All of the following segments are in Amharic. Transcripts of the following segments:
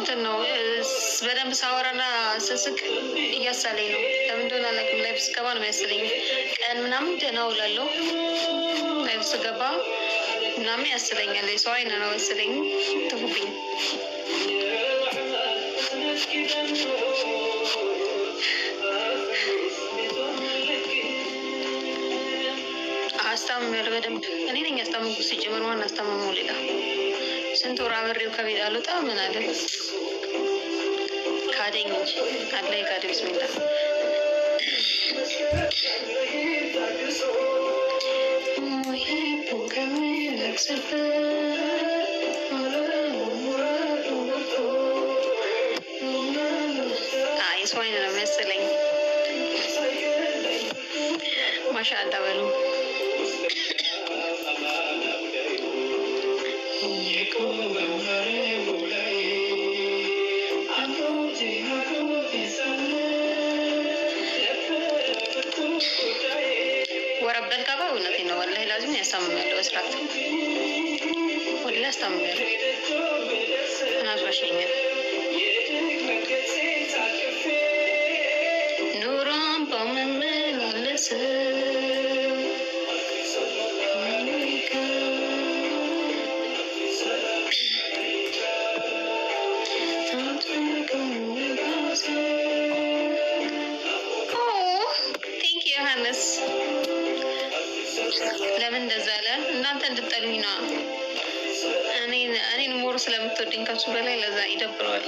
እንትን ነው በደንብ ሳወራና ስስቅ እያሳለኝ ነው። ለምን እንደሆነ አላውቅም። ላይፍ ስገባ ነው የሚያስለኝ። ቀን ምናምን ደህና ውላለሁ። ላይፍ ስገባ ምናምን ያስለኛል። የሰው አይነ ነው ያስለኝ። ትቡብኝ አስታምም ያለ በደንብ እኔ ነኝ አስታምጉ ሲጀምር ዋና አስታምሙ ሌላ ስንት ወር አብሬው ከቤት አልወጣም። ምን አለ ካደኝ እንጂ አላይ ካደ ብስሚላ የሰው አይን ነው መሰለኝ። ማሻአላ በሉ ወረበት ገባ። እውነቴን ነው ወላሂ ላዚም ያስታምማል። በስራት ወላሂ ያስታምማል። አዟሽኛል ኑሮን በመመላለስ አለ። እናንተ እንድጠሉኝ ነው። እኔን ሞር ስለምትወደኝ ከሱ በላይ ለዛ ይደብረዋል።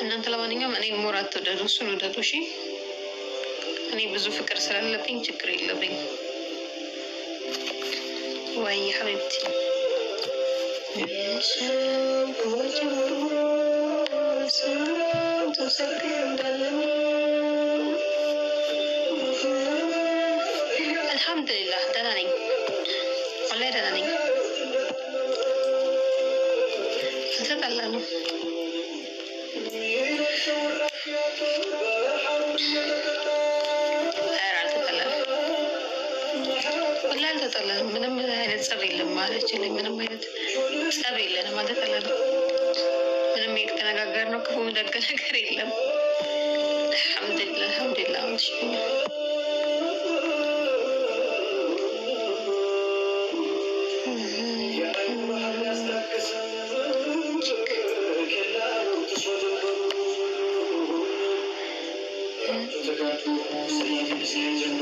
እናንተ ለማንኛውም እኔን ሞር አትወደዱ፣ እሱን ወደዱ። እሺ እኔ ብዙ ፍቅር ስላለብኝ ችግር የለብኝም። وي حبيبتي الحمد لله دلني والله دلني تدلني Thank you. ተጣላ አልተጣላንም፣ ምንም አይነት ጸብ የለም ማለች። ምንም አይነት ጸብ የለንም፣ አልተጣላንም። ምንም ነው ክፉ ደግ ነገር የለም። አልሐምዱላ አልሐምዱላ። Thank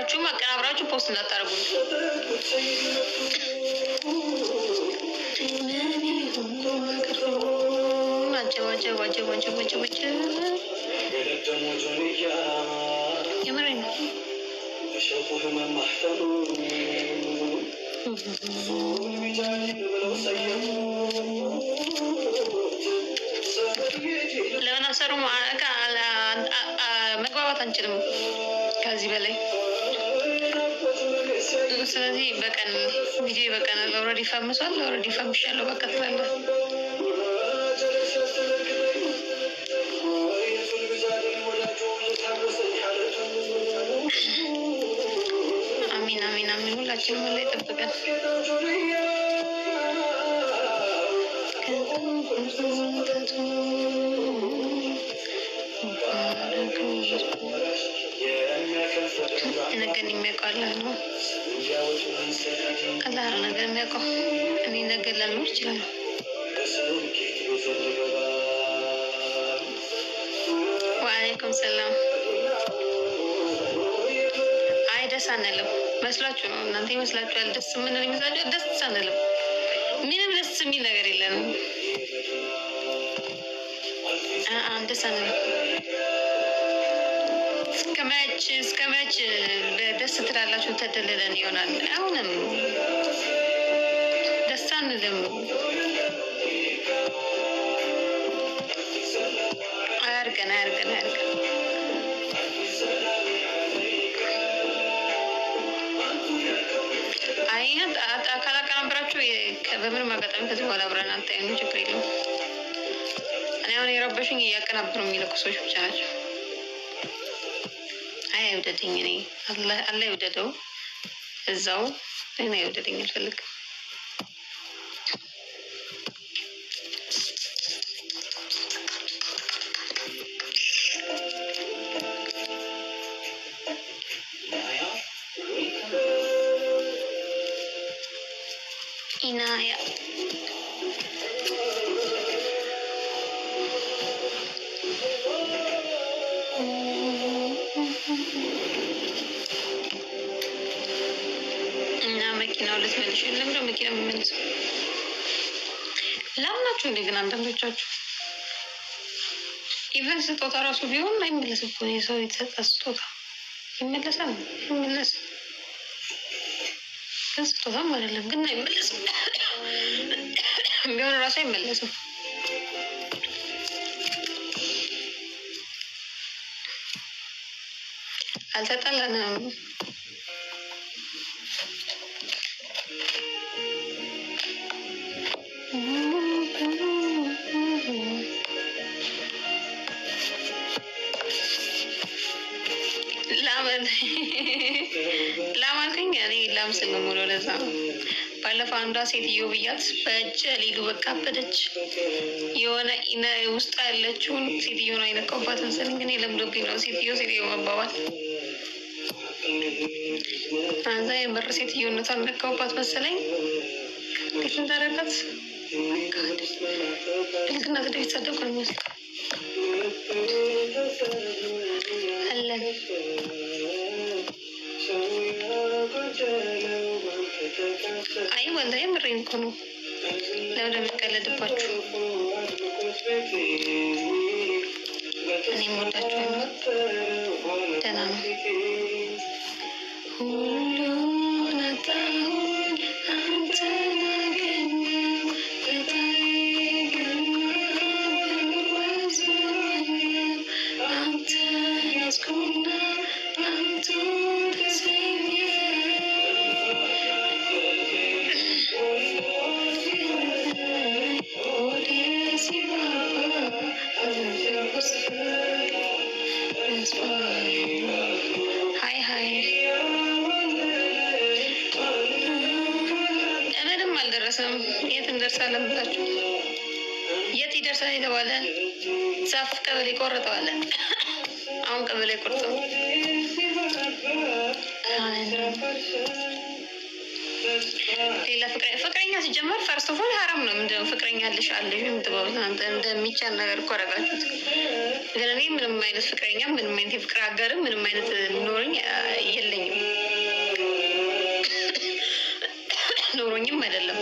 ሁላችሁም አቀናብራችሁ ፖስት እንዳታደርጉ። የምሬን ነው። ለምን አሰሩ? መግባባት አንችልም። ከዚህ በላይ ስለዚህ በቀን ቪዲዮ በቀን ኦልሬዲ ፈምሷል። ኦልሬዲ ፈምሻለሁ። በቃ ትላለህ አሚን አሚን አሚን። ሁላችንም ላይ ይጠብቀን። Thank ነገን የሚያውቀው አላህ ነው። አላህ ነገር የሚያውቀው። እኔ ነገር ላልኖር ይችላል። ወአለይኩም ሰላም። አይ ደስ አንልም መስላችሁ ነው እናንተ ይመስላችኋል። ደስ ምን ይመስላችሁ? ደስ አንልም። ምንም ደስ የሚል ነገር የለንም። ደስ አንልም። እስከ መች እስከ መች ደስ ትላላችሁ? ተደለለን ይሆናል። አሁንም ደስታን ደግሞ አያርገን አያርገን አያርገን አይነት አካል አቀናበራችሁ በምንም አጋጣሚ ከዚህ በኋላ አብረን አንታይኑ ችግር የለም። እኔ አሁን የረበሽኝ እያቀናበሩ የሚለቁ ሰዎች ብቻ ናቸው። ይውደደኝ። እኔ አላህ ይውደደው እዛው እኔ ይውደደኝ አልፈልግም። ኢናያ መኪና ሁለት መልሽ ለምደ መኪና የምመልሰው ላምናችሁ እንዴ? ግን አንዳንዶቻችሁ ኢቨን ስጦታ ራሱ ቢሆን አይመለስ እኮ የሰው የተሰጠ ስጦታ ይመለሳል። ይመለስ ግን ስጦታም አይደለም ግን አይመለስም። ቢሆን ራሱ አይመለስም። አልተጠላንም። ላም ስል ነው የምውለው። አንዷ ሴትዮ ብያት በእጅ ሊሉ በቃ በደች የሆነ ውስጥ ያለችውን ሴትዮን አይነቀውባት መሰለኝ። እኔ ለምዶብኝ ነው ሴትዮ ሴትዮ መባባል አንዛ የምር ሴትዮነት አልነካውባት መሰለኝ። እንዴት እንዳረጋት ልትናት ደ ይጸደቋል መስ አለ አይ ወላ የምሬን እኮ ነው። ለምን እኔ ወዳችሁ ደህና ነው። Yeah. የት ይደርሳል የተባለ ዛፍ ቀበሌ ቆርጠዋል። አሁን ቀበሌ ቆርጦ ሌላ ፍቅረኛ ሲጀመር ፈርስት ኦፍ ኦል ሀራም ነው። ምንድነው ፍቅረኛ አለሽ አለሽ የምትባሉት አንተ እንደሚቻል ነገር እኮ አደረጋችሁት። ግን እኔ ምንም አይነት ፍቅረኛ ምንም አይነት የፍቅር ሀገርም ምንም አይነት ኖሮኝ የለኝም ኖሮኝም አይደለም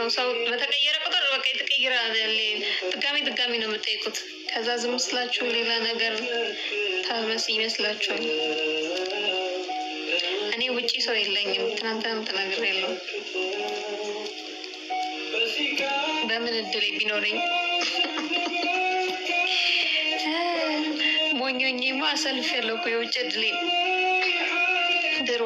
ነው። ሰው በተቀየረ ቁጥር በቃ የተቀየረ ድጋሚ ድጋሚ ነው የምጠይቁት። ከዛ ዝም ስላችሁ ሌላ ነገር ታመስ ይመስላችኋል። እኔ ውጪ ሰው የለኝም። ትናንትናም ተናግሬ የለውም በምን እድል ቢኖረኝ ሞኞኝማ ሰልፍ ያለው የውጭ እድሌ ድሮ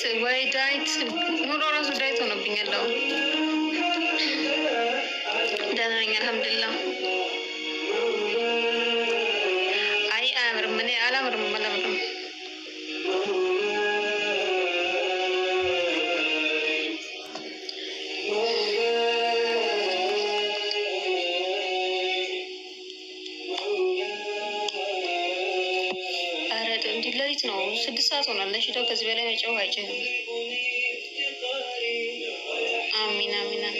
ዳይት ወይ ዳይት ኑሮ ራሱ ዳይት ሆኖብኛል። ደህና ነኝ አልሐምዱሊላህ። አይ አያምርም፣ እኔ አላምርም፣ አላምርም ለሊት ነው፣ ስድስት ሰዓት ሆናል። ነሽዳው ከዚህ በላይ መጨው አይችልም። አሚን አሚን።